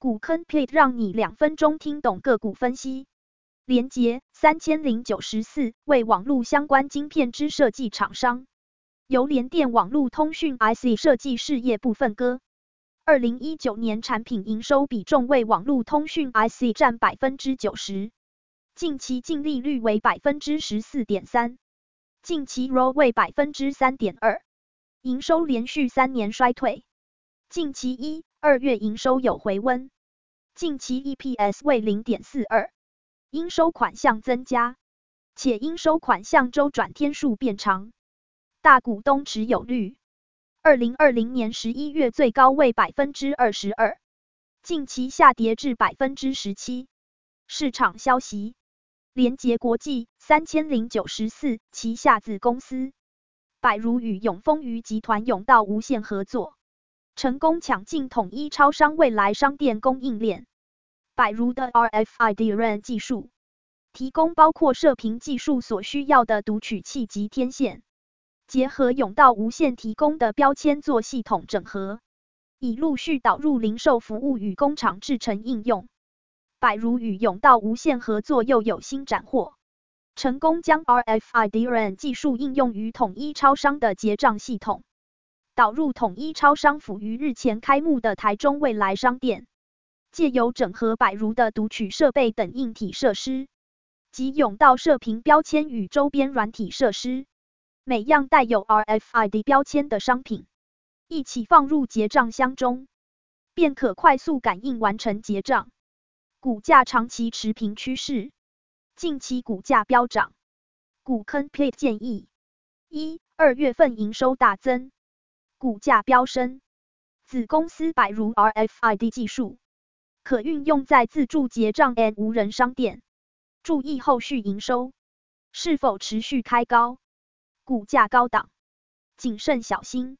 股坑派讓你兩分鐘聽懂個股分析。聯傑三千零九十四為網絡相關晶片之設計廠商，由聯電網絡通訊 IC 設計事業部分割。二零一九年產品營收比重為網絡通訊 IC 佔百分之九十，近期淨利率為百分之十四點三，近期 ROE 為百分之三點二，營收連續三年衰退。近期一。二月營收有回溫，近期 EPS 為零點四二，應收款項增加，且應收款項周轉天數變長。大股東持有率，二零二零年十一月最高為百分之二十二，近期下跌至百分之十七。市場消息，聯傑國際三千零九十四旗下子公司百如與永豐餘集團永道無線合作。成功搶進統一超商未來商店供應鏈，百如的 RFID-RAN 技術提供包括射頻技術所需要的讀取器及天線，結合永道無線提供的標籤做系統整合，已陸續導入零售服務與工廠制程應用。百如與永道無線合作又有新斬獲，成功將 RFID-RAN 技術應用於統一超商的結賬系統。導入統一超商甫於日前開幕的台中未來商店，借由整合百如的讀取設備等硬體設施及永道射頻標籤與周邊軟體設施，每樣帶有 RFID 標籤的商品一起放入結賬箱中，便可快速感應完成結賬。股價長期持平趨勢，近期股價飆漲。股坑 p l t e 建議：一、二月份營收大增。股價飆升，子公司百如 RFID 技術可運用在自助結賬 and 無人商店。注意後續營收是否持續開高，股價高檔，謹慎小心。